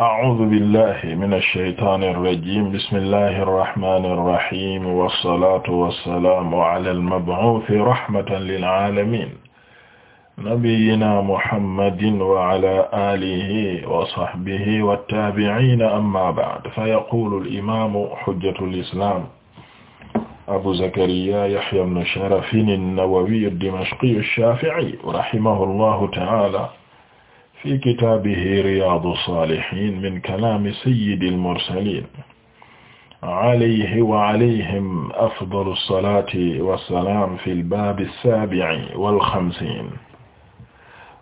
أعوذ بالله من الشيطان الرجيم بسم الله الرحمن الرحيم والصلاة والسلام على المبعوث رحمة للعالمين نبينا محمد وعلى آله وصحبه والتابعين أما بعد فيقول الإمام حجة الإسلام أبو زكريا يحيى بن شرف النووي الدمشقي الشافعي رحمه الله تعالى fi kitaabihi riyaadu saalihiin min kalaami sayyidil mursaliin alayhi wa alayhim afdalu salaati wa salaam fil baabi saabi'i wal xamsiin.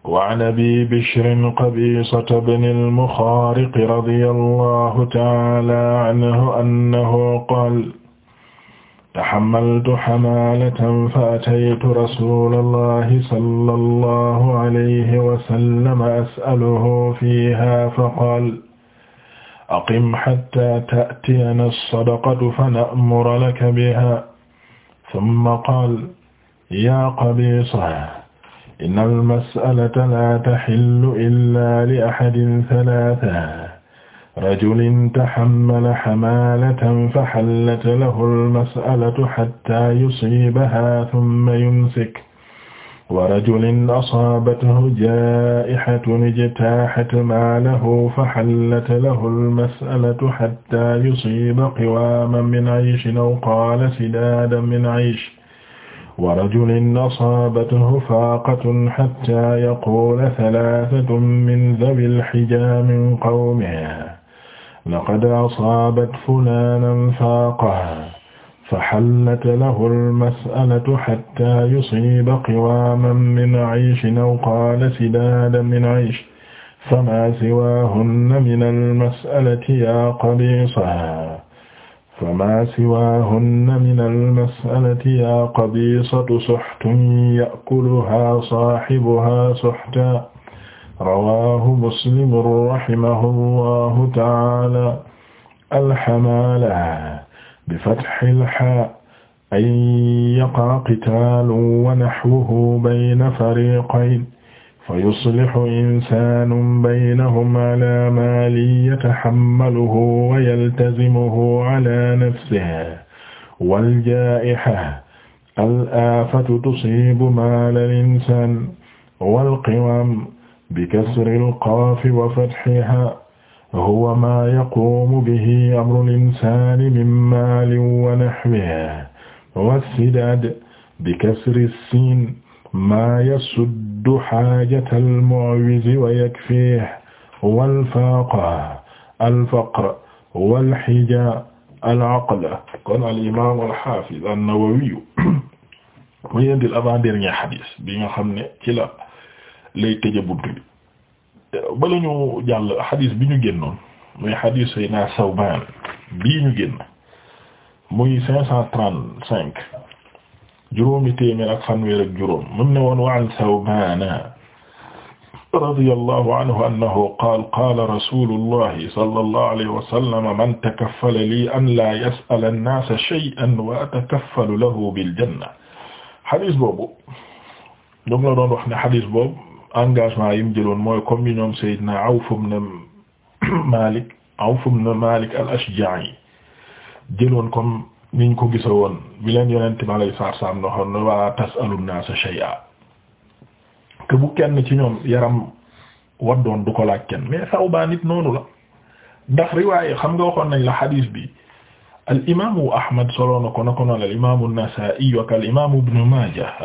wa an abii bishrin qabiisata binil muxaariq radiyallaahu ta'aalaa anhu annahu qaala taxammaltu xamaalatan fa ataytu rasuulallahi sallallahu alayhi wa sallam as'aluhu fiihaa faqaala aqim xattaa ta'tiyanaa as-sadaqatu fana'mura laka bihaa summa qaala yaa qabiisaha inna al-mas'alata laa taxillu illaa li axadin salaasa rajulin taxammala xamaalatan faxallat lahu almasalatu xatta yusiibaha summa yumsik wa rajulin asaabathu jaa'ihatun ijtaaxat maalahu faxallat lahu almasalatu xatta yusiiba qiwaaman min ciishin aw qaala sidaadan min ciish wa rajulin asaabathu faaqatun xatta yaquula salaasatun min dawil xijaami min qawmihi laqad asaabat fulaanan faaqahaa fahallat lahu almas'alatu hattaa yusiiba qiwaaman min 'ayshin aw qaala sidaadan min 'aysh famaa siwaahunna mina almas'alati yaa qabiisahaa famaa siwaahunna mina almas'alati yaa qabiisatu suhtun ya'kuluhaa saahibuhaa suhtan rawaahu muslim rahimahullahu taala alxamaala bi fathil haa an yaqa qitaalun wa naxwuhu bayna fariqayn fa yuslihu insaanun baynahum alaa maa yatahammaluhu wa yaltazimuhu alaa nafsihi wal jaa'iha al aafatu tusiibu maalal insaan wal qiwam bikasri alqaafi wa fathiha huwa maa yaquumu bihi amru al-insaani min maalin wa nahwihi wassidad bikasri siin maa yasuddu xaajata almu'wizi wa yakfiihi walfaaqa alfaqr walxija alaql kon alimaam alxaafiz annawawiyu muy indil avant-dernier xadis bi nga xam ne ci la lay tëje buntu bi bala ñu jàll xadis bi ñu génnoon muy xadis yi naa Sawbaan bii ñu génn muy cinq cent trente cinq juróomi téeméer ak fanweer ak juróom mum ne woon wa an Sawbaan radiyallahu anhu annahu qaala qaala rasuulullahi sallallahu alayhi wa sallam man takaffala lii an laa yas'ala an-naasa shay'an wa atakaffalu lahu bil janna xadis boobu ñu ngi la doon wax ne xadis boobu engagement yi mu mooy comme ni ñoom Seydina Awf ibn Malik Awf ibn Malik al-Ashja'i jëloon comme niñ ko gisa woon bi leen yonent bi alayhi salaatu salaam tas'alu an-naasa shay'a que bu kenn ci ñoom yaram waddoon du ko laaj kenn mais Sawbaan it noonu la ndax riwaay xam nga waxoon nañ la xadiis bi al Ahmad solo na ko na ko noonu al imaamu Nasaa'i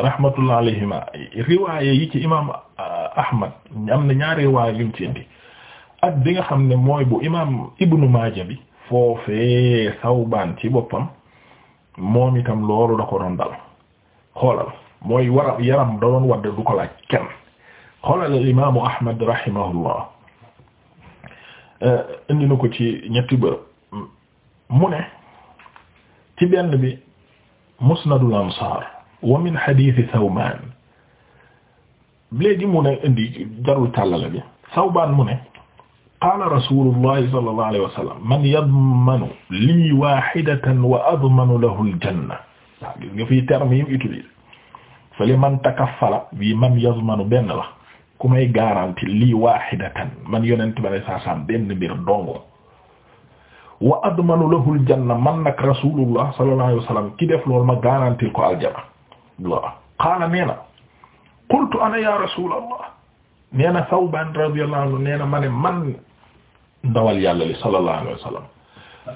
rahmatullah alayhima riwaay yi ci imaam. Ahmad am na ñaari riwaaya yuñ ci indi bi nga xam ne mooy bu imaam Ibnu Maaja bi foofee Sawbaan ci boppam moom itam loolu da ko doon dal mooy yaram da doon wadde du ko kenn xoolal al imaamu Ahmad rahimahullah eh, indi na ko ci ñetti bërëb mu ne ci benn bi Musnadul Ansaar wa min hadiisi Sawbaan léegi mu ne indi jarul tàllale bi mu ne qaala rasulullahi wa sallam man yadmanu lii wahidatan wa admanu bi man yadmanu benn la ku may garanti lii wahidatan man yonent ba ne benn mbir dongo wa admanu lahu aljanna man nag rasulullah sallallahu alayhi ma garanti ko aljanna waaw qaala nee qultu ana ya rasulallah nee na Thawban radiyallahu anhu nee na ma ne man ndawal yàlla li sallallahu alayhi wa sallam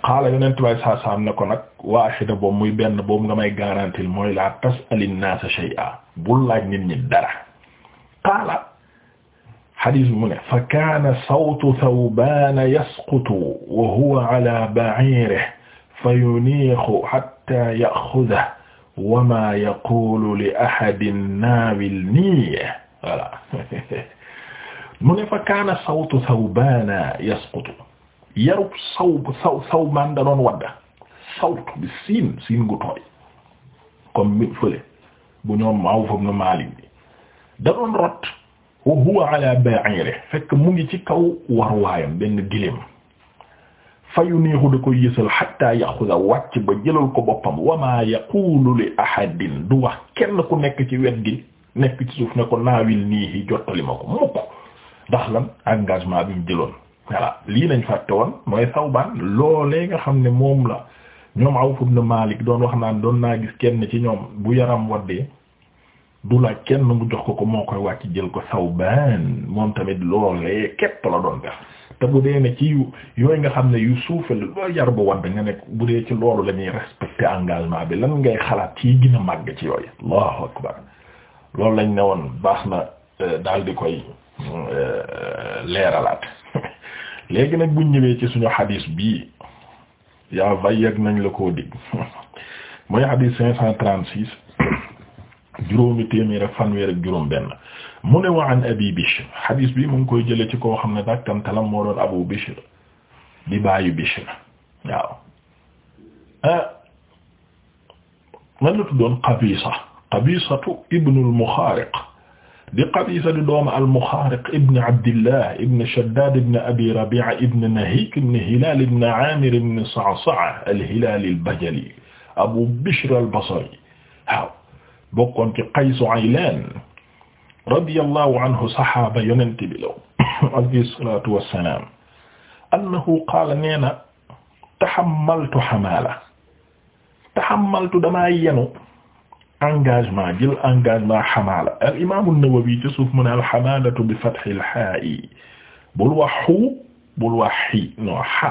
qaala yonent bay saa saam ne ko nag waahida boobu muy benn boobu nga may garantil mooy la tas'ali nnaasa shay'a bul laaj nit ñi dara qaala xadis bi mu ne fa kaana sawtu Thawban yasqutu wa huwa ala ba'iirihi fa yuniixu hatta ya'xudahu wama yaqulu li ahadin naawil niya voilà mu ne fa kaana sawtu sawbaana yasqutu yarub saw saw sawbaan da doon wadda sawtu bi siin siin gu tooy comme mi fële bu ñoom aw fam na maalim bi da doon rot wa huwa ala ba'ire fekk mu ngi ci kaw war waayam benn giléem fayu neexu da koy yësal xatta yaxuda wàcc ba jëlal ko boppam wama yaqulu li ahadin du wax kenn ku nekk ci wet gi nekk ci suuf ne ko naawil niihi jottali ma ko mukk ndax lan engagement bi mu jëloon voilà lii lañ fàtte woon mooy Sawbaan loolee nga xam ne moom la ñoom Awf ibn Malik doon wax naan doon naa gis kenn ci ñoom bu yaram waddee du la kenn mu jox ko ko moo koy wàcc jël ko Sawbaan moom tamit loolee képp la doon def te bu dee ne ci yu yooyu nga xam ne yu suufal loo yar bu wadd nga nekk bu dee ci loolu la ñuy engagement bi lan ngay xalaat ci gën a màgg ci yooyu allahu akbar loolu lañ ne woon baax na euh, daal di koy euh, leeralaat léegi nag buñ ñëwee ci suñu xadiis bii yaa vayag nañ la ko dig mooy xadiis cinq cent trente six juróomi téeméer ak juróom benn mu ne wa an abi Bishr xadiis bi mu ngi koy jële ci koo xam ne dakkantalam moo doon abu Bishr di baayu Bishr waaw man ah, la tuddoon Qabisa Qabisatu ibnu al-Muxaariq di Qabisa di doomu al-Muxaariq ibn Abdillah ibn Shaddaad ibn Abi Rabi'a ibn Nahik ibn Hilaal ibn Aamir ibn Sa'sa'a al-Hilaali al-Bajali Abu Bishr al-Basri waaw bokkoon ci Qaysu Aylaan radiyallahu anhu saxaaba yonent bi law alayhi salaatu wassalaam annahu qaala nee na taxammaltu xamaala taxammaltu damaa yenu engagement jël engagement xamaala al imaamu Nawawi ci suuf mu ne al xamaalatu bi fathil xaa'i bul wax xuu bul wax xii non xa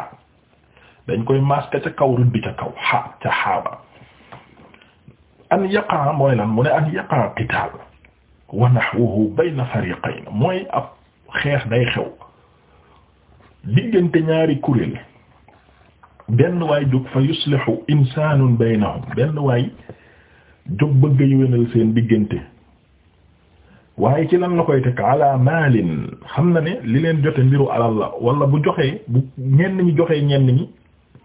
dañ koy masque ca kaw rëdd ca kaw xa ca xaaba an yaqa mooy lan mu ne an yaqa qitaal wa nahwuhu bayna fariqayn mooy ab xeex day xew diggante ñaari kuréel benn waay jóg fa yuslihu insanun baynahum benn waay jóg bëgg a yéwénal seen diggante waaye ci lan la koy teg xam na ne li leen jote mbiru alal la wala bu joxee bu ñenn ñi joxee ñenn ñi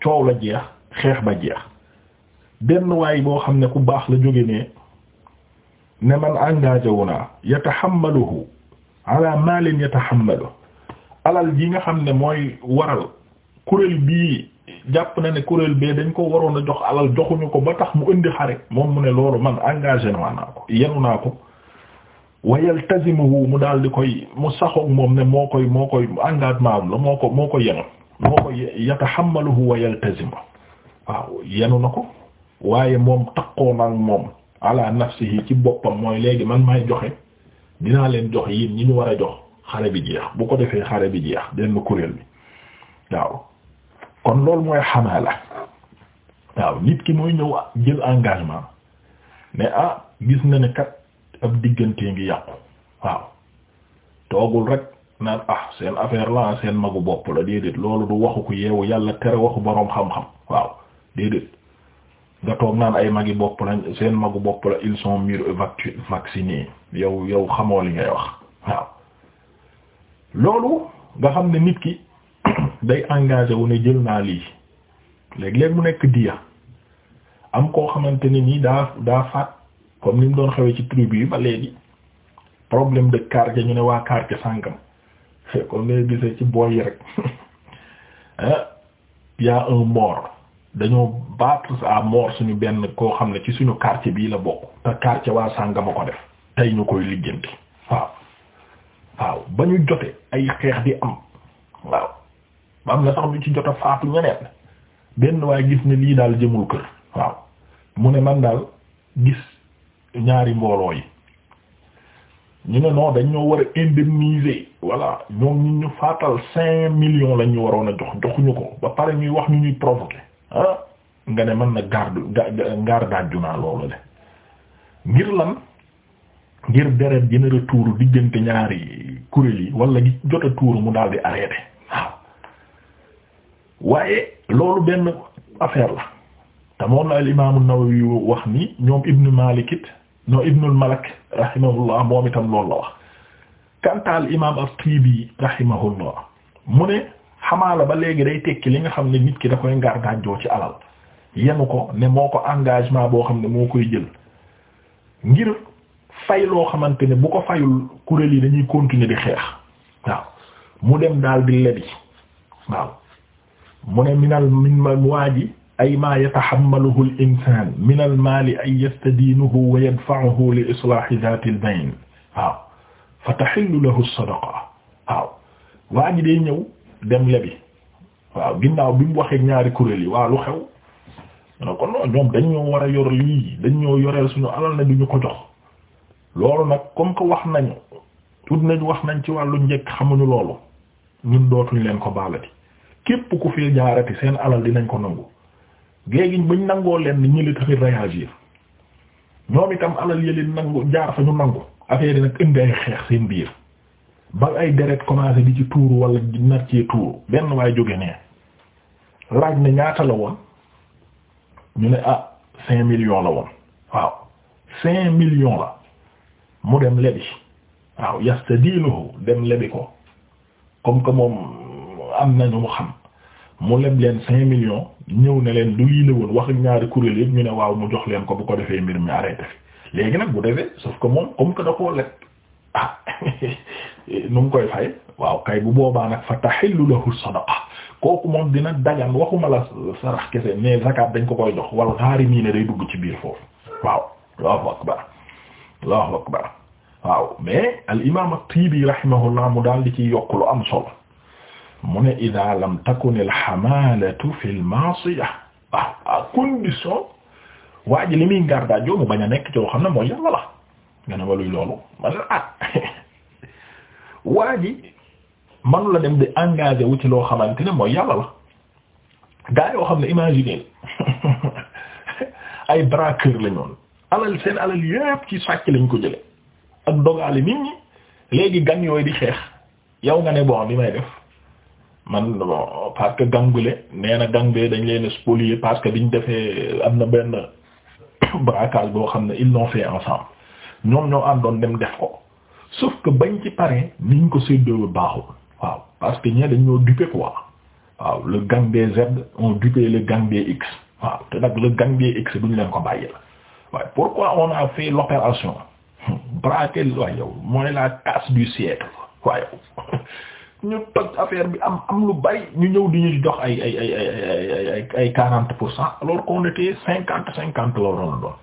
coow la jeex xeex ba jeex benn waay boo xam ne ku baax la jóge ne ne man engagé wu naa yatahammaluhu ala malin alal ji nga xam ne mooy waral kuréel bii jàpp na ne kuréel bee dañ ko waroon a jox alal joxuñu ko ba tax mu indi xare moom mu ne loolu man engagé naa ko yenu naa ko wa daal di koy mu saxoog moom ne moo koy moo koy la moo ko moo ko moo ko yatahammaluhu wa yaltazimuhu na ko waaye moom takkoon ak moom ala nafsihi ci boppam mooy léegi man may joxe dinaa leen jox yéen ñi ñu war a jox xale bi jeex bu ko defee xare bi jeex benn kuréel bi waaw kon loolu mooy xanaa la waaw nit ki mooy ñëw jël engagement ne ah gis na ne kat ab diggante ngi yàqu waaw toogul rek naan ah seen affaire la seen magu bopp la déedéet loolu du waxu ku yeewu yàlla tere waxu boroom xam-xam waaw déedéet nga toog naan ay mag yi bopp lañ seen magu bopp la ils sont mûrs et vaccinés yow yow xamoo li ngay wax waaw loolu nga xam ne nit ki day engagé wu ne jël naa lii léeg-léeg mu nekk diya am koo xamante ni nii daa daa faat comme ni mu doon xewee ci tribu yi ba léegi problème de quartier ñu ne waa quartier sàngam comme ne gisee ci booy yi rek ah un mort dañoo battre à suñu benn koo xam ne ci suñu quartier bii la bokk te quartier waa sàngama ko def tey ñu koy lijjanti waaw waaw ba xeex di am waaw na sax lu ci jot a faatu ñeneen benn waaye gis ne lii daal jëmul kër waaw mu ne man daal gis ñaari mbooloo yi ñu ne non dañ ñoo war a indemniser voilà ñoom ñu ñu faatal cinq millions lañ ñu waroon a jox joxuñu ko ba pare ñuy wax ñu ñuy provoquer ah. nga ne mën na garde ngaar daaju naa loolu le ngir lan ngir deret dina tuuru diggante ñaari kuréel yi wala gi jot tuuru mu daal di arrêté waaw waaye loolu benn affaire la te moom la al imaam nawawi wax ni ñoom ibnu Malik ñoo ibnul Malak rahimahullah moom itam loolu la wax kantaal imaam at-Tibi rahimahullah mu ne xamaala ba léegi day tekki li nga xam ne nit ki da koy ngaar daajoo ci alal yenu ko ne moo ko engagement boo xam ne moo koy jël ngir fay loo xamante ne bu ko fayul kuréel yi dañuy continuer di xeex waaw mu dem daal di lebi waaw mu ne minal min ma waa ji ay maa yatahammaluhu al insaan min al maali ay yastadiinuhu wa yadfa'uhu li islaahi dhaatil bayn waaw fa tahillu lahu sadaqa waaw waa ji day ñëw dem lebi waaw ginnaaw bi mu waxee ñaari kuréel yi waaw lu xew non kon non ñoom dañu ñoo war a yor lii dañ ñoo yoreel suñu alal ne duñu ko jox loolu nag comme que wax nañu tudd nañ wax nañ ci wàllu njëkk xamuñu loolu ñun dootuñ leen ko baalati képp ku fi jaarati seen alal dinañ ko nangu géegi bañ nangoo leen ñi li tamit réagir ñoom itam alal yële nangu jaar fa ñu nangu affaire yi nag indi ay xeex seen biir ba ay deret commencé di ci tuuru walla nar cee tuuru benn waaye jóge nee laaj ne ñaata la woon. ñu ne ah cinq millions la woon waaw cinq millions la mu dem lebi waaw yastadinuhu dem lebi ko comme que moom am nañu mu xam mu leb leen cinq millions ñëw ne leen du lii la woon wax ñaari kuréel yëpp ñu ne waaw mu jox leen ko bu ko defee mbir mi arrêté fi léegi nag bu defee sauf que moom comme que da koo leb ah nu mu koy fay waaw kay bu boobaa nag fa tahillu lahu sadaqa kooku moom dina dagan waxuma la sarax kese mais zakat dañ ko koy jox wal gharimiina day dugg ci biir foofu waaw allahu akbar allahu akbar waaw mais al imam at-Tiibi rahimahullah mu daal di ciy yokk am sol mu ne idaa lam takun al xamalatu fi l maasiya waaw à condition waa ji li muy ngar daa joomu bañ a nekk coo xam ne mooy yàlla la nga ma luy ah waa manu la dem di engagé wu ci loo xamante ne mooy yàlla la gaa yoo xam ne imaginer ay braqueur la ñoon alal seen alal yépp ci sàcc lañ ko jële ak dogaale nit ñi léegi gan yooyu di xeex yow nga ne xam li may def man bon parce que gang bile nee na gang bee dañ leen spolier parce que biñ defee am na benn braquage boo xam ne il l'ont fait ensemble ñoom ñoo àndoon dem def ko sauf que bañ ci pare niñ ko séddoo baaxul waaw parce que ñee dañ ñoo duper quoi waaw le gang des Z on dupé le gang des X waaw te nag le gang des X duñ leen ko bàyyi la waaye pourquoi on a fait l'opération braquer waaye yow mooy la casse du siècle waaye ñu toj affaire bi am am lu bari ñu ñëw di ñu jox ay ay ay ay quarante pour cent alors qu'on était cinquante cinquante la waroon doon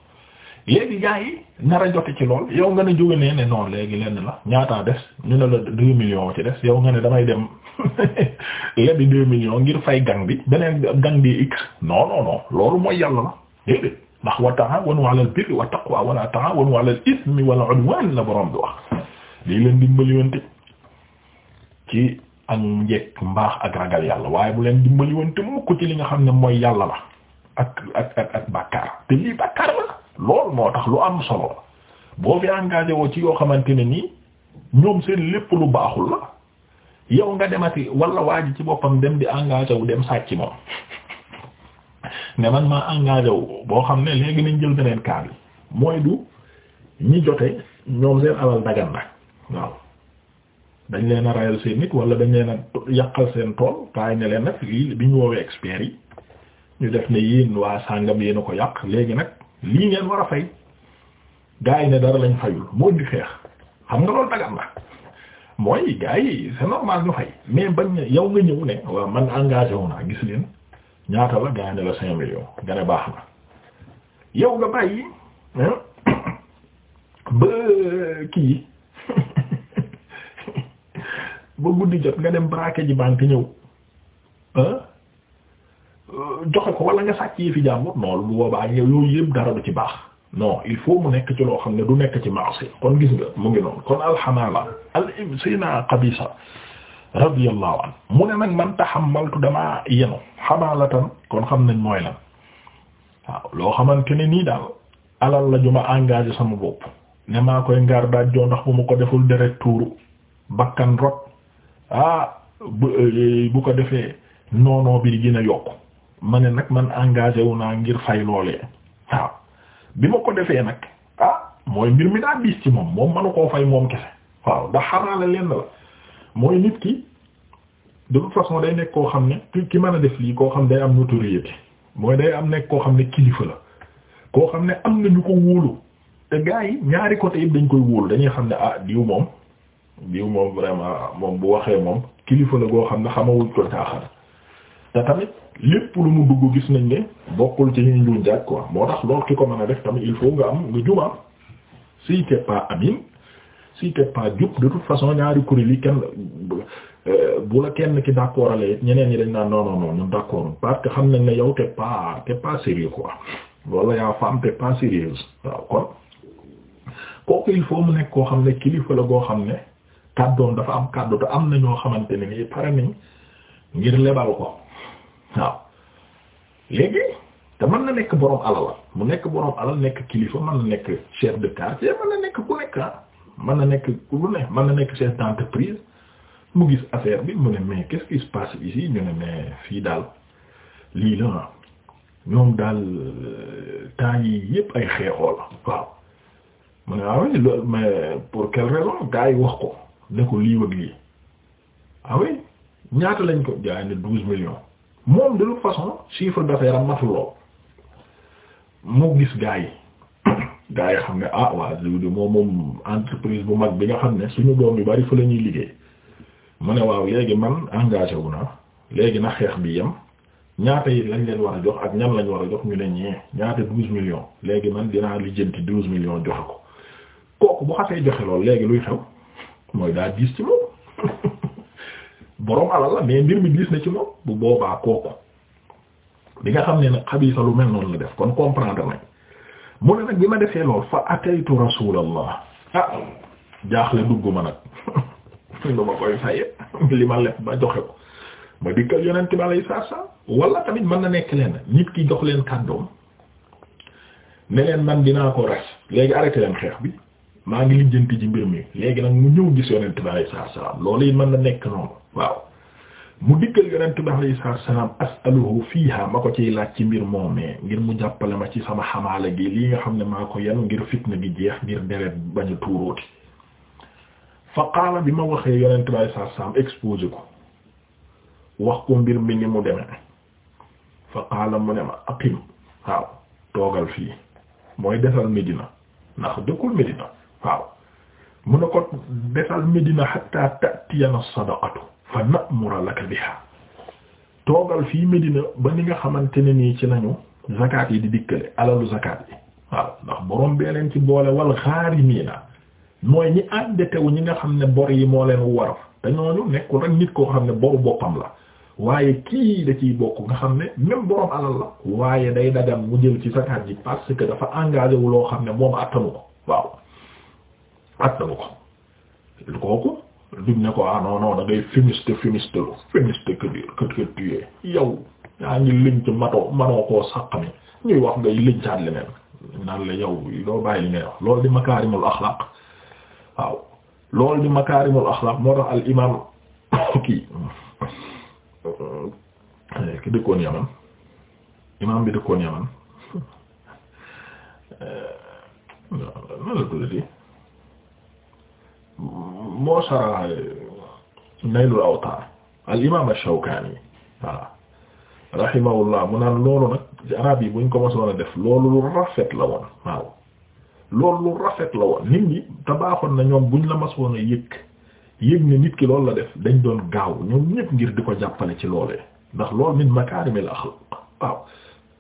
léegi gars yi nar a ci lool yow nga ne jóge nee ne non léegi lenn la ñaataa des ñu ne la deux millions ci des yow nga ne damay dem lebi deux millions ngir fay gang bi beneen gang bi x non non loolu mooy yàlla la déedéet ndax wa ta'awanu 'alal birri wa taqwa wala ta'awanu 'alal ismi wal 'udwan la borom bi wax lii leen dimbaliwante ci ak njekk mbaax ak ragal yàlla waaye bu leen dimbaliwante mukk ci li nga xam ne mooy yàlla la loolu moo tax lu am solo boo fi engagé ci yoo xamante ne nii ñoom seen lépp lu baaxul la yow nga demati wala waa ci boppam dem di engagé wu dem sàcc moom ne man maa engagé wu boo xam ne léegi nañ jël beneen cas mooy du ñi jote ñoom seen alal dagan na waaw dañ leen a rayal seen nit wala dañ leen a yàqal seen tool kaay ne leen nag bi ñu woowee experts yi ñu def ne yéen waa sàngam yéen a ko yàq léegi nag. lii ngeen war a fay gars yi ne dara lañ fayul moo di xeex xam nga loolu dagan na mooy gars yi c'est normal ñu fay mais bañ yow nga ñëw ne waaw man engagé wu gis leen ñaata la gars yi ne la cinq millions nga ne baax na yow nga bàyyi ba kii ba guddi jot nga dem braquer ji banque ñëw ah joxe ko wala nga sàcc yi fi jàmbur noonu bu boobaa yooyu yëpp dara du ci baax non il faut mu nekk ci loo xam ne du nekk ci marché kon gis nga mu ngi noonu kon alxanala al sayna Qabisa radiyallahu an mu ne nag man taxammaltu damaa yenu xamalatan kon xam nañ mooy lan waaw loo xamante ne nii daal alal la ju ma engagé sama bopp ne maa koy ngaar daaj joo ndax bu ma ko deful deret tuuru bakkan rot ah bu euh, bu ko defee noonoo bi di gën a yokk ma ne nag man engagé wu naa ngir fay loolee waaw bi ma ko defee nag ah mooy mbir mi daa diis ci moom moom manu koo fay moom kese waaw ndax xarala lenn la mooy nit ki de toute façon day nekk koo xam ne ki ki mën a def lii koo xam day am notoriété mooy day am nekk koo xam ne kilifa la koo xam ne am na ñu ko wóolu te gars yi ñaari côté yëpp dañ koy wóolu dañuy xam ne ah diw moom diw moom vraiment moom bu waxee moom kilifa la goo xam ne xamawuñ ko caaxaan te tamit lépp lu mu dugg gis nañ ne bokkul ci ñuy njuñ jaaj quoi moo tax loolu ki ko mën a def tamit il faut nga am nga jumaam si t'es pas amin si t'es pas jub de toute façon ñaari kuréel yi kenn euh, bu la kenn ki d'accord ale it ñeneen ñi dañ naan non non non ñun parce que xam nañ ne yow t'es pas t'es pas sérieux quoi wala yaa femme t'es pas sérieuse waaw kon kooku il mu nekk koo xam ne kilifa la goo xam ne kàddoom dafa am kàddu te am na ñoo xamante ne nii pare nañ ngir ko. waaw léegi te mën na nekk borom alal mu nekk borom alal nekk kilifa mën na nekk chef de quartier mën na nekk ku nekk ah mën na nekk ku lu ne mën na nekk chef d'entreprise mu gis affaire bi mu ne mais qu'est-ce qui se passe ici ñu ne mais fii daal lii la ah. ñoom daal euh, temps yi yépp ay xeexoo la waaw mu ne ah oui mais pour quelle raison gars yi wax ko ne ko lii wëg lii ah ñaata lañ ko jaay ne douze millions moom de toute façon chiffre d'affaires am matul lool mu gis gaa yi gaa yi xam ne ah waa Zewude moom entreprise bu mag bi nga xam ne suñu doom yu bari fa la ñuy liggéey mu ne waaw léegi man engagé wu na léegi na xeex bi yem ñaata yi lañ leen war a jox ak ñan lañ war a jox ñu ne ñee ñaata douze millions léegi man dinaa lijjanti douze millions joxe ko kooku bu xasee joxe lool léegi luy xew mooy daa diis ci moom. boroom alal la mais mbir mi gis na ci moom bu boobaa kooku bi nga xam ne nag xabisa lu mel noonu la def kon comprendre nañ mu ne nag bi ma defee lool fa ataytu rasulallah ah jaaxle dugg ma nag lu ma koy faye li ma lef ba joxe ko ma dikkal yonent bi alayhi salaam wala tamit mën na nekk leen nit ki jox leen kàddoom ne leen man dinaa ko res léegi arrêté leen xeex bi maa ngi lijjanti ci mbir mi léegi nag mu ñëw gis yonent bi alayhi salaatu salaam loolu yi mën na nekk noonu waaw mu diggal yonent bi alayhi salaatu salaam as'aluhu fiiha ma ko ciy laaj ci mbir moomee ngir mu jàppale ma ci sama xamaala gi lii nga xam ne maa ko yenu ngir fitna gi jeex ngir deret bañ tuurooti fa bi ma waxee yonent bi alayhi salaatu salaam exposé ko wax ko mbir mi ni mu deme fa qaala mu ne ma aqim waaw toogal fii mooy defal Medina ndax dëkkul Medina waaw mu ne ko defal Medina hatta ta'tiyana sadaqatu fa na'mura laka biha toogal fii Medina ba ni nga xamante ne nii ci nañu zakat yi di dikkale alalu zakat yi waaw ndax borom bee leen ci boole wal gharimiina mooy ñi àndetewu ñi nga xam ne bor yi moo leen waraf te ñooñu nekkul rek nit koo xam ne boru boppam la waaye kii da ciy bokk nga xam ne même borom alal la waaye day dagan mu jël ci zakat ji parce que dafa engagé wu loo xam ne moom attanu at na ko kooku duñ ne ko ah non non da ngay fumiste fumiste lu fumiste que yaa ngi lënc matoo manoo koo sàqami ñuy wax ngay lëncaat leneen naan la yow doo bàyyi li ngay wax loolu di makaarimul axlaaq waaw loolu di makaarimul axlaaq moo tax al imaam ki dëkkoon yaman imaam bi dëkkoon yaman eh, moo sara Naylul Awtaar al imaam ash-Shawkaani voilà rahimahullah mu naan loolu nag ci arab yi buñ ko mosoon a def loolu lu rafet la woon waaw loolu lu rafet la woon nit ñi te na ñoom buñ la mosoon a yëg yëg ne nit ki lool la def dañ doon gaaw ñoom ñëpp ngir di ko jàppale ci loolee ndax loolu min makaarimil axlaaq waaw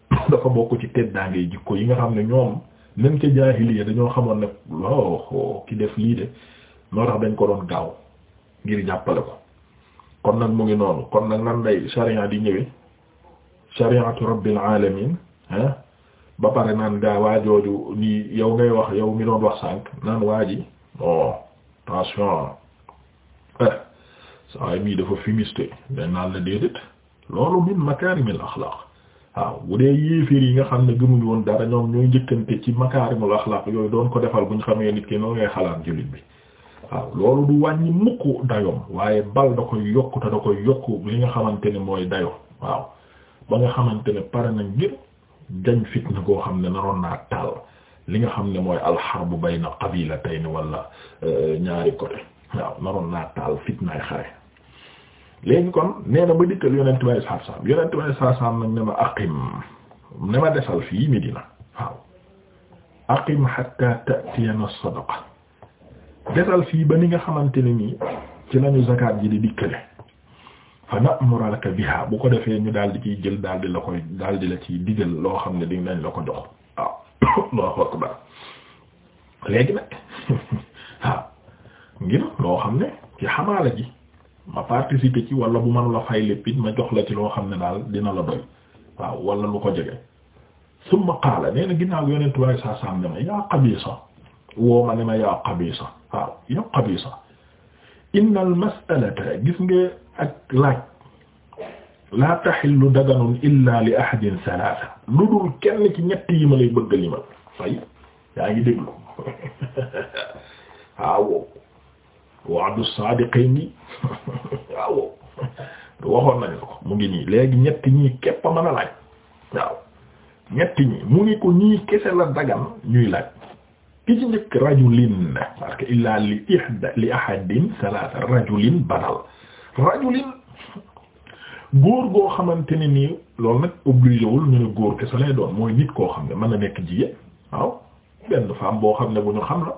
dafa bokk ci teddaangee jikko yi nga xam ne ñoom même ca jaahiliya dañoo xamoon ne waaw oh, oh, ki def lii de moo tax dañ ko doon gaaw ngir jàppale ko kon nag mu ngi noonu kon nag nan lay sharia di ñëwee shariatu rabbil alamin hein ba pare naan gaa waajooju nii yow ngay wax yaw mi doon wax sànq naan waa ji non attention eh saa yi mii dafa fumiste dañ naan la déedéet loolu min makaarimil axlaaq waaw bu dee yéeféer yi nga xam ne gëmuñu woon dara ñoom ñooy njëkkante ci makaarimul axlaaq yooyu doon ko defal bu ñu xamee nit ki noonu ngay xalaat jullit bi waaw loolu bu wàññi mukk dayoom waaye bal da koy yokku te da koy yokku li nga xamante ne mooy dayo waaw ba nga xamante ne pare na ngir jañ fitna koo xam ne naroon naa taal li nga xam ne mooy alxarbu bayna qabilatayn wala euh, ñaari côté waaw naroon naa taal fitnaay xare léegi kon nee na ba dikkal yonent may sarsam yonent may ne ma aqim ne ma desal fii Medina waaw aqim hatta ta'tiyana sadaqa desal fii ba ni nga xamante ne nii ci lañu zakat ji di dikkale fa namuralaka biha bu ko defee ñu daal di ciy jël daal di la koy daal di la ciy digal loo xam ne di nañ la ko jox waaw Allahu akbar léegi nag waaw ngir loo xam ne ci xamaala ji ma participer ci wala bu mënula fay lépp ma jox la ci loo xam ne daal dina la doy waaw wala lu ko jege summa qaala nee na ginnaaw yonentu waaye saa saam ne ma yaa Qabisa woo ma ne ma yaa Qabisa waaw yow xabisa al mas'alata gis nga ak laaj laa taxillu illa li ahadin salaasa lu dul kenn ci ñett yi ma lay bëgg limal fay yaa ngi déglu waaw wa'du saadiqiin waaw waxoon nañu ko mu ngi nii léegi ñett ñii képp a mën a laaj waaw mu ngi ko ñii kese la dagan ñuy laaj ki ci njëkk rajulin parce que illaa li ihda li ahadin salaasa rajulin banal rajulin góor goo xamante ne nii loolu nag obligé wul ñu ne góor kese lay doon mooy nit koo xam ne mën na nekk jigéen waaw benn femme boo xam ne bu ñu xam la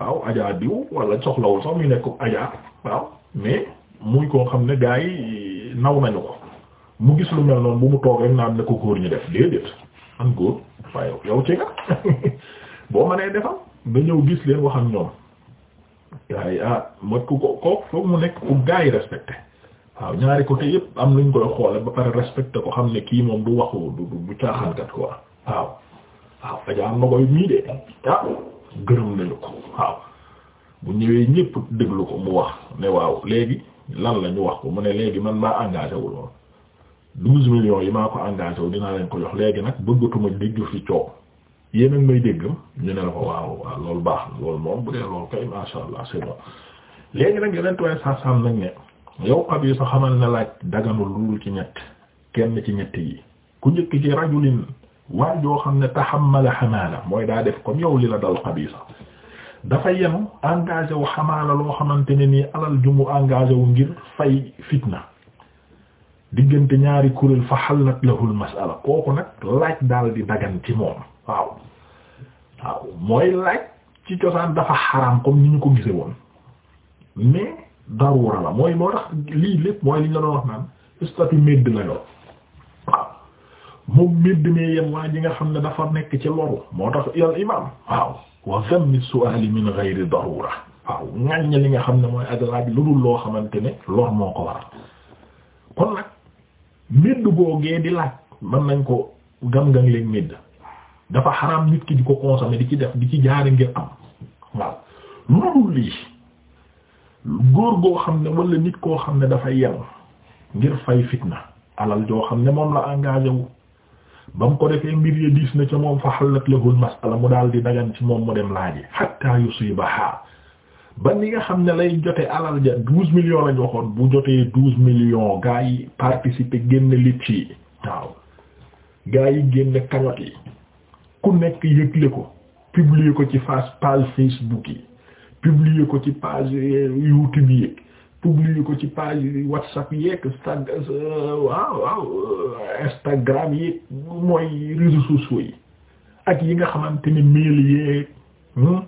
waaw ajaa diw wala soxlawul sax muy nekk ajaa waaw mais muy koo xam ne gaa yi naw nañu ko mu gis lu mel noonu bu mu toog rek naan ne ko góor ñu def déedéet an góor waaye yow ci nga boo mënee defal nga ñëw gis leen wax ak ñoom gars yi ah ko ko mu nekk ku gars yi respecté waaw ñaari côté yëpp am luñ koy xoole ba pare respecté ko xam ne kii moom du waxu du du caaxaankat quoi waaw waaw ajaam na ko mii de ah gërëm nañu ko waaw bu ñëwee ñëpp déglu ko mu wax ne waaw léegi lan la ñu wax ko mu ne léegi man maa engagé wu loolu douze yi maa ko engagé wu dinaa leen ko jox léegi nag bëggatuma dégg fi coow yéen ak may dégg ko waaw loolu baax na loolu moom bu dee loolu kay masha Allah c'est bon léegi nag yeneen tubaab yi sax ne yow ab yi sa xamal na laaj daganul lu dul ci ñett kenn ci ñett yi ku njëkk ci rajulin waaye joo xam ne taxamala xamaala mooy daa def comme yow li la dal xabisa dafa yenu engagé wu xamaala loo xamante ni nii alal jumu engage wu ngir fay fitna diggante ñaari kuréel fa xalat lahul masala kooku nag laaj daal di dagan ci moom waaw waaw mooy laaj ci cosaan dafa xaraam comme ni ñu ko gise woon mais daruura la mooy moo tax lii lépp mooy li ñu la doon wax naan statut medd la waaw moom medd mi yem waa ji nga xam ne dafa nekk ci loru moo tax al imam waaw wa zammi su'ali min ghayri daruura waaw ŋàññ li nga xam ne mooy ak laaj lu dul loo xamante ne lor moo ko war kon nag medd googee di laaj mën nañ ko gam-gam leen medd dafa xaraam nit ki di ko consommer di ci def di ci jaari ngir am waaw loolu lii góor goo xam ne wala nit koo xam ne dafa yem ngir fay fitna alal joo xam ne moom la engagé wu ba mu ko defee mbir diis na ca moom fa xalat lahul masala mu daal di dagan ci moom mu dem laaji yu yusibaha ba ni nga xam ne lay jote alal ja douze million lañ waxoon bu jotee douze millions gaa yi participer génn lipp yi waaw gaa yi génn kañot yi ku nekk yëgle ko publier ko ci face page Facebook yi publier ko ci page euh, YouTube yi publier ko ci page WhatsApp yeeg Insta euh, waaw waaw euh, Instagram yi mooy réseaux sociaux yi ak yi nga xamante ni mail yeeg hmm,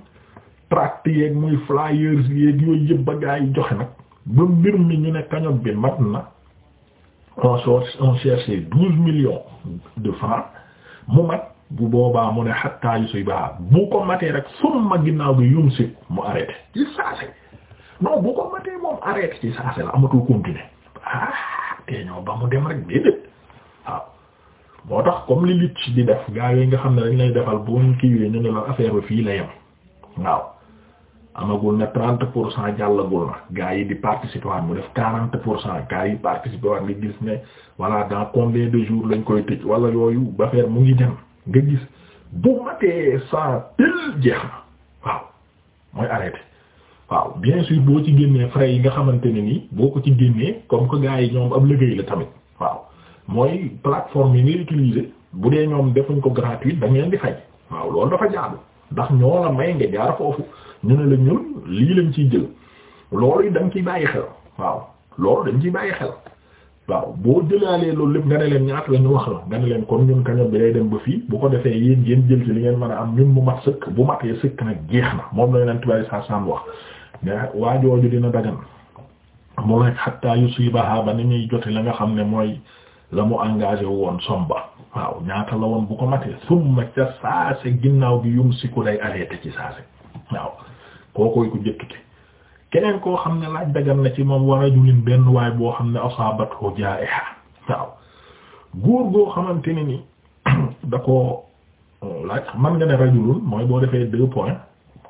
tract yeeg muy flyers yeeg yooyu yëpp ba joxe nag ba mbir mi ñu ne cagnotte bi mat na on cherche on cherche douze millions de francs mu mat. bu boobaa mu ne xatta yusiba bu ko matee rek summa ginnaaw bi yumsik mu arrêté ci saase non bu ko matee moom arrêté ci saase la amatul continuer ah tee ñoo ba mu dem rek déedéet waaw moo tax comme li lit di def gaa yi nga xam ne dañ lay defal buñ kiiwee ñu ne la affaire bi fii la yem waaw amagul ne trente pour cent jàllagul na gaa yi di participer waat mu def quarante pour cent gaa yi participer waat ngi gis ne voilà dans combien de jours lañ koy tëj wala yooyu ba mu ngi dem nga gis bu matee sans pile jeex na waaw mooy arrêté waaw bien sûr boo ci génnee frais yi nga xamante ne nii boo ko ci génnee comme que gars yi ñoom ab liggéey la tamit waaw mooy plateforme yi ngay utiliser bu dee ñoom defuñ ko gratuit da ngeen di fay waaw loolu dafa jaadu ndax ñoo la may nga jaar foofu ñu ne la ñun lii lañ ciy jël loolu dañ ciy bàyyi xel waaw loolu dañ ciy bàyyi xel waaw boo jëlaalee loolu lépp nga ne leen ñaata la ñu wax la nga ne leen kon ñun kaño bi day dem ba fii bu ko defee yéen ngeen jël ci li ngeen man a am ñun mu mat sëkk bu matee sëkk nag jeex na moom la leen tubaab saa saan wax mais waajooju dina dagan mu lekk xatta yusibaha ba ni muy joti la nga xam ne mooy la mu engagé woon somba waaw ñaata la woon bu ko matee summa ca saase ginnaaw gi yum si ku day arrêté ci saase waaw kookoy ku jëkk ki keneen koo xam ne laaj dagan na ci moom wa rajulin benn waay boo xam ne asaabathu jaa'iha waaw góor goo xamante ne ni da koo euh, laaj man nga ne rajulun mooy boo defee deux points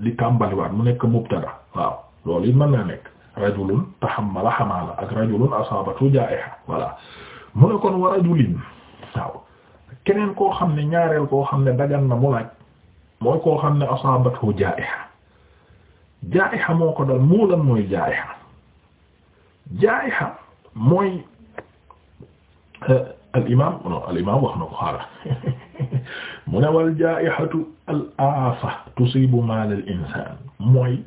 li tàmbaliwaat mu nekk mubtada waaw loolu it mën naa nekk rajulun tahammala hamala ak rajulun asaabathu jaa'iha voilà mu ne kon wa rajulin waaw keneen koo xam ne ñaareel koo xam ne dagan na mu laaj mooy koo xam ne asaabathu jaa'iha jaayixa moo ko dal mooy jaayixa jaayixa euh, wax na ko mu ne wal jaayixatu al aafa maal al mooy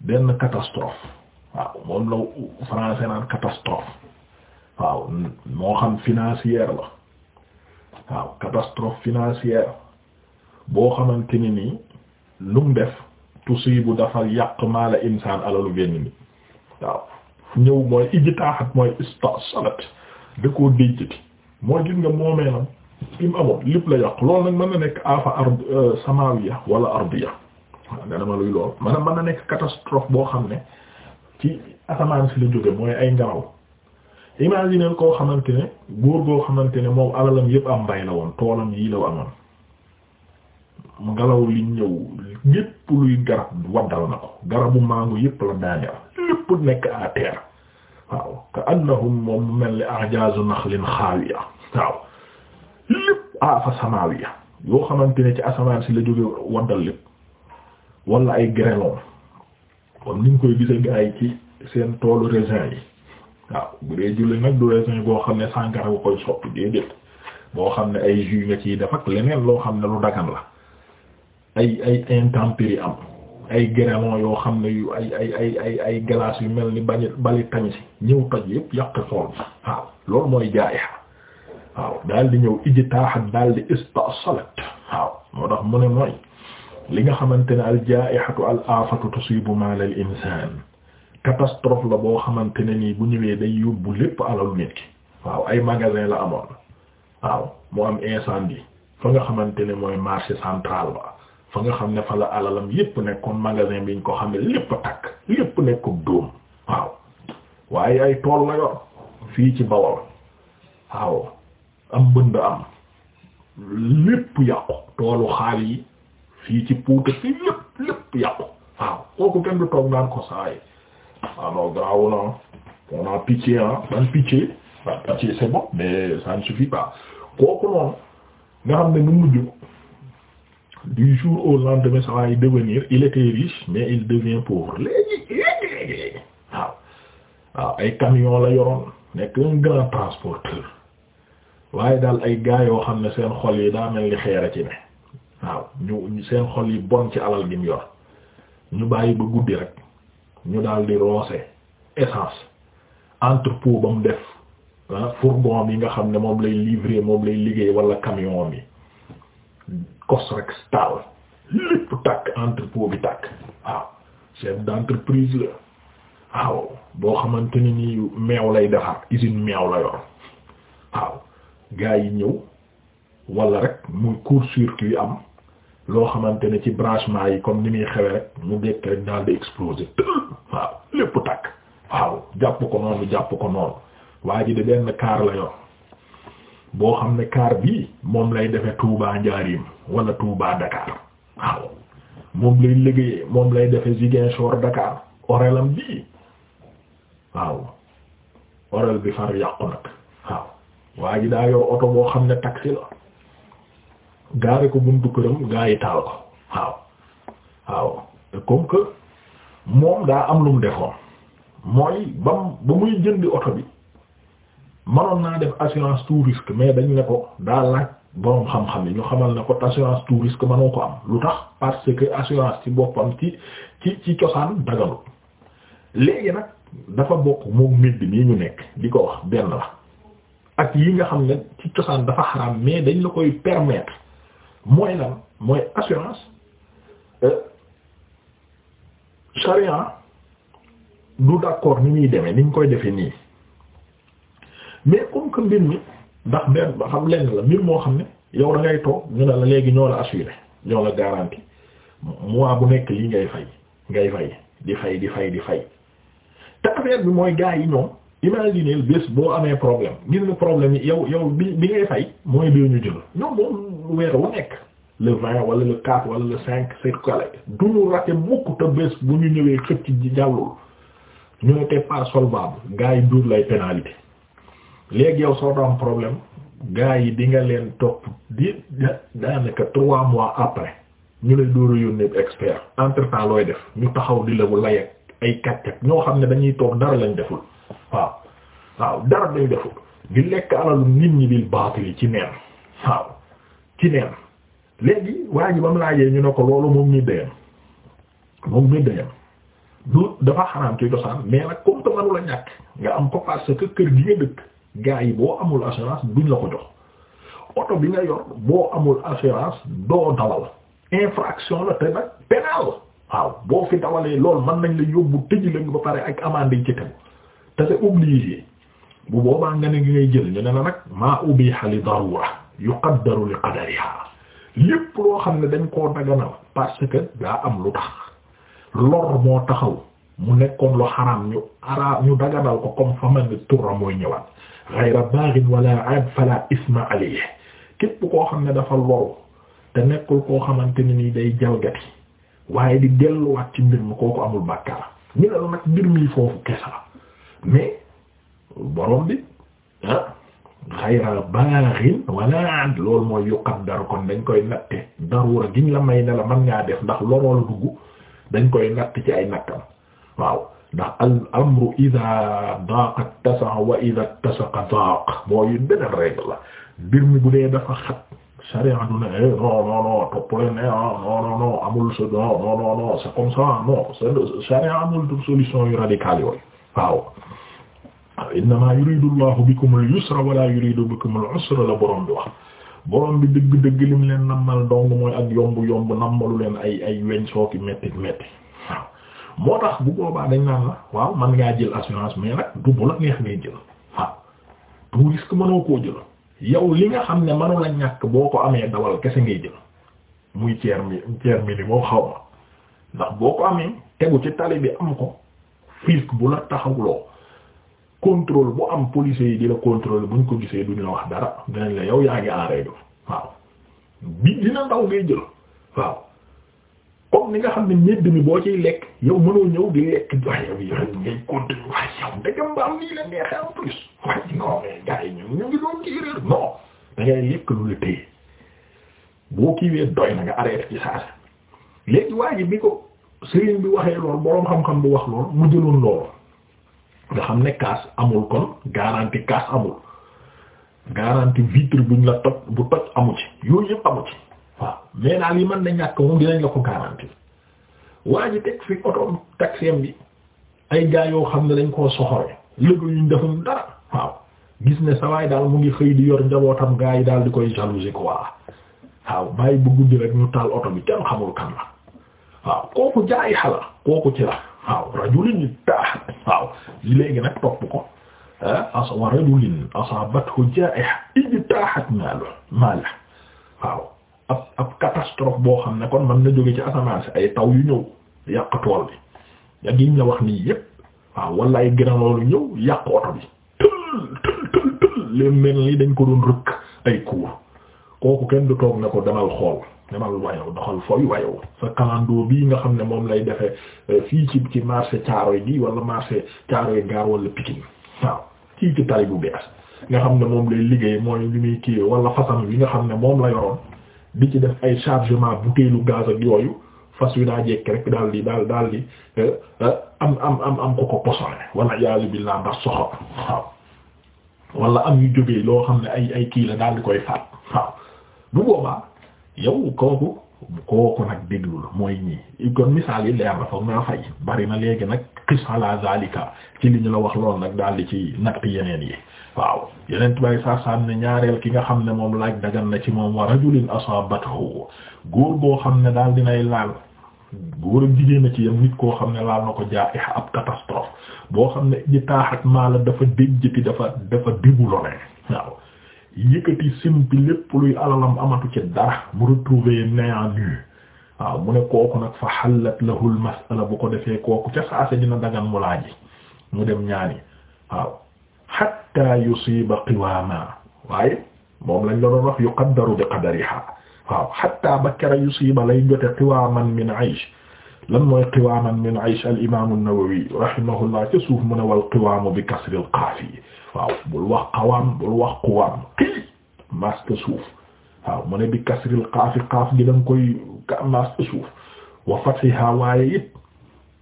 benn catastrophe waaw moom law français catastrophe waaw moo xam la catastrophe financière boo xamante ni tusibu dafa yàq maala insaan alalu benn nit waaw ñëw mooy ijtaahat mooy istasalat da koo déjjati mooy gis nga moomeelam im amoon lépp la yàq loolu nag mën na nekk afa ard euh, samawiya wala ardiya nga dama lool man mën na nekk catastrophe boo xam ne ci asamaan si la jóge mooy ay ngelaw imaginer koo xamante ne góor goo xamante ne moom alalam yëpp am mbay la woon toolam yii la amoon ngelaw li ñëw ñépp luy garab waddal na ko garabu màngo yépp la daaneel lépp nekk à terre waaw ka annahum moom mel ni ajazu naxlin xaawiya waaw lépp afa samaawiya yoo xamante ne ci asamaan si la jóge waddal lépp wala ay grêlons comme niñ koy gise gaa ci seen toolu raisin yi waaw bu dee julli nag du raisin boo xam ne sàngara nga koy soppi déedéet boo xam ne ay jus nga ciy def ak leneen loo xam ne lu dagan la ay ay intempéries am ay grêlons yoo xam ne yu ay ay ay ay yu mel ni bañ bali tañ si ñëw toj yëpp yàq xool bi waaw loolu mooy jaayixa waaw daal di ñëw iji taaxat daal di istasalat waaw moo tax mu ne mooy li nga xamante ne al jaayixatu al aafatu tusibu mal al insaan catastrophe la boo xamante ne nii bu ñëwee day yóbbu lépp alalu nit ki waaw ay magasin la amoon waaw mu am incendie fa nga xamante ne mooy marché central ba fa nga xam ne fa la alalam yépp nekkoon magasin biñ ko xamee lépp takk lépp nekkoon dóom waaw waaye ay tool la yor fii ci Bawol waaw am bënd am lépp yàqu toolu xaal yi fii ci Puuta fii lépp lépp yàqu waaw kooku kenn du toog naan ko saay alors garaawul ah on a pitié ban pitié ban pitié c'est mais ça ne suffit pas kooku noonu nga xam ne nu mujj du jour au lendemain ça va y devenir il était riche mais il devient pauvre léegi léegi léegi waaw waaw ay camion la yoroon nekk un grand transporteur waaye daal ay gars yoo xam ne seen xol yi daa mel ni xeer ci ne waaw ñu seen xol yi bon ci alal gi mu yor ñu bàyyi ba guddi rek ñu daal di roose essence entrepôt ba mu def fourgon bi nga xam ne moom lay livrer moom lay liggéey wala camion yi kos rek stal lépp tàkk entrepôt bi tàkk waaw chef d'entreprise la waaw boo xamante ni nii meew lay defar usine meew la yor waaw gaa yi ñëw wala rek muy court ki yu am loo xamante ne ci branchement yi comme ni muy xewe rek mu dekk rek daal di exploser waaw lépp tàkk waaw jàpp ko noonu jàpp ko noonu waa ji de benn kaar la yor boo xam ne kaar bii moom lay defe Touba Njaarim wala Touba Dakar waaw moom lay liggéeyee moom lay defe Ziguinchor Dakar orelam bii waaw orel bi far yàqu nag waaw waa ji daa oto boo xam ne taxi la gaare ko buntu këram gaa yi taal ko waaw waaw te comme que moom daa am lu mu defoon mooy bam ba muy jëndi oto bi manoon naa def assurance tout risque mais dañ ne ko daal laaj boroom xam-xam yi ñu xamal ne ko assurance tout risque manoo ko am lu tax parce que assurance ci boppam ci ci ci cosaan daganut léegi nag dafa bokk moom mbir mi ñu nekk di ko wax benn la ak yi nga xam ne ci cosaan dafa xaram mais dañ la koy permettre mooy lan mooy assurance charia euh, du d'accord ni ñuy demee ni ñu koy defee nii. mais comme que mbir mi ndax benn xam lenn la mbir moo xam ne yow da toog ñu ne la léegi ñoo la assuré ñoo la garantie mois bu nekk lii ngay fay ngay fay di fay di fay di fay te affaire bi mooy gars yi ñoom imaginez bés boo amee problème gis nga problème yi yow yow bi bi ngay fay mooy doo ñu jël ñoom moom weer wu nekk le vingt wala le quatre wala le cinq c'est calé du ñu raté mukk te bés bu ñu ñëwee xëcc ci jàllul ñu ne te pas solvable gars yi duur lay léegi yow soo doon problème gars yi di nga leen topp di daanaka trois mois après ñu lay dóor a yónnee expert entre temps looy def ñu taxaw di la bu layak ay kàccak ñoo xam ne dañuy toog dara lañ deful waaw waaw dara lañ deful di lekk alalu nit ñi bil baatil ci neen waaw ci neen léegi waa ji ba mu laajee ñu ne ko loolu moom ñu dayam moom ñu dayam du dafa xaraam ci dosaan mais nag comme que mënu gi gars yi boo amul assurance duñ la ko jox oto bi nga yor boo amul assurance doo dawal infraction la te nag pénal waaw boo fi dawalee loolu man nañ la yóbbu tëj la ba pare ak amende yi ci tegu te c'est obligé bu boobaa nga ne ngay jël ñu ne nag maa ubiha li darura yuqaddaru li qadariha lépp loo xam ne dañ koo daganal parce que daa am lu tax lor moo taxaw mu nekkoon lu xaraam ñu ara ñu daganal ko comme fa man turra mooy ñëwaat ghayra baghin wala aad fala isma alayhi képp koo xam ne dafa loru te nekkul koo xamante ne ni day jalgati waaye di delluwaat ci mbir mi kooku amul bàkkaar ñu ne la nag mbir mi foofu kese la mais borom bi ah ghayra baghin loolu mooy yuqaddar kon dañ koy natte darura giñ la may ne la mën ngaa def ndax loroo la dugg dañ koy natt ci ay nakkam waaw ndax al amru ida daqa tasaxa wa ida tasaqa daaq mooy beneen règle la mbir mi bu dee dafa xat sharia du ne eh, non non non topp leen eh, ah, ne non amul sa non non non c'est comme yu radicale yooyu bikum al yusra wala yuridu bikum al usra la borom bi wax borom bi dëgg-dëgg lim nammal dong mooy yomb yomb nammalu leen ay ay weñ sooki métti métti moo tax bu boobaa dañ naan la waaw man ngaa jël assurance mais nag du bu la neex ngay jël waaw manoo koo jël yow li nga xam ne mënu la ñàkk boo ko amee dawal kese ngay jël muy tiers mi tiers minimum xaw ma ndax boo ko amee tegu ci tali bi am ko risque bu la taxawloo contrôle bu am policiers yi di la contrôle buñ ko gisee duñ la wax dara dinañ la yow yaa ngi en règle waaw bi dina ndaw ngay jël waaw comme ni nga xam ne ñebe mi boo ciy lekk yow mënoo ñëw di lekk waaye yow yow ngay continuer waaye da ngay lekk lu la téye boo kiiwee doy na nga arrêté ci saa si léegi waa ji bi ko sëriñ bi waxee lool boroom xam-xam bi wax lool mu jëloon lool nga xam ne kaas amul kon garantie kaas amul garantie vitre buñ la toj bu toj amu ci yooyu yëpp amu ci. waaw mais daal yi mën na ñàkk moom dinañ la ko garanti waa ji fi oto taxem bi ay gaa yoo xam ne dañ koo soxore léegi ñu defum dara waaw gis ne sawaay daal mu ngi xëy di yor njabootam gaa yi daal di koy jalouser ko waaw bàyyi bu guddi rek ñu taal oto bi kenn xamul kan la waaw kooku jaay xala kooku ci la waaw rajulin ñu taax waaw léegi nag topp ko ah as wa rajulin asabathu ja'iha ijtahat maalu maala ab ab catastrophe boo xam ne kon mën na jóge ci asamaan ay taw yu ñëw yàq tool bi ak yiñ wax nii yépp waaw wala ay gënaloolu ñëw yàq oto bi tël tël tël tël les mel nii dañ ko doon rëkk ay kuur kooku kenn du toog ne ko demal xool demal wayow doxal fooy wayow sa kalandoo bii nga xam ne moom lay defee euh, fii ci ci marché Caaroy gi wala marché Caaroy gaar wala Pikine waaw kii ci tali bu bees nga xam ne moom lay liggéey mooy li muy kii wala façon bi nga xam ne moom la yoroon di ci def ay chargement butéelu gaz ak yooyu fas wi daa jekk rek daal di daal daal di eh, eh, am am am am ko ko posone wala iyaazu billaah ndax soxor waaw wala am yu jógee loo xam ne ay ay kii la daal di koy faat waaw bu boobaa yow kooku kooku nag déglu mooy ñii kon misaal yi leer na foog bari na léegi nag xis ala zalika ci li ñu la wax lool nag daal di ci natt yeneen yi waaw yeneen tubaab yi saa saa ne ñaareel ki nga xam ne moom laaj dagan na ci moom wa rajulin asaabathu góor boo xam ne daal dinay laal góor ak jigéen a ci yam nit koo xam ne laal na ko jaa'iha ab catastrophe boo xam ne ji taaxat maa la dafa déjjati dafa dafa débouloné waaw yëkkati simpi lépp luy alalam amatu ci dara mu retrouver néant nu waaw mu ne kooku nag fa xallat lahul masala bu ko defee kooku ca saase dina dagan mu laaji mu dem ñaani hatta yusiba qiwaama waaye moom lañ la doon wax yuqaddaru bi qadariha waaw hatta ba kera yusiba lay jote qiwaaman min aysh lan mooy qiwaaman min aysh al imaamu an-Nawawi rahimahullah ca suuf mu ne wal qiwaamu bi kasri al qaaf yi waaw bul wax qawaam bul wax qawaam qii maska suuf waaw mu ne bi kasri al qaafi qaaf gi danga koy maska suuf wa fathiha waaye it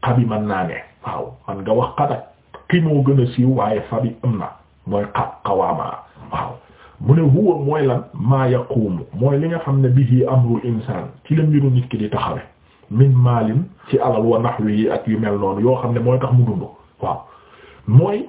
qabi man naa ne waaw man nga wax qadak ki moo gën a siiw waaye fabi am na mooy xa xawaamaa waaw mu ne huwa mooy lan maa yaquumu mooy li nga xam ne bihi amrul insaan ci la mbiru nit ki di taxawe min maalin ci alal wa naxwi yi ak yu mel noonu yoo xam ne mooy tax mu dund waaw mooy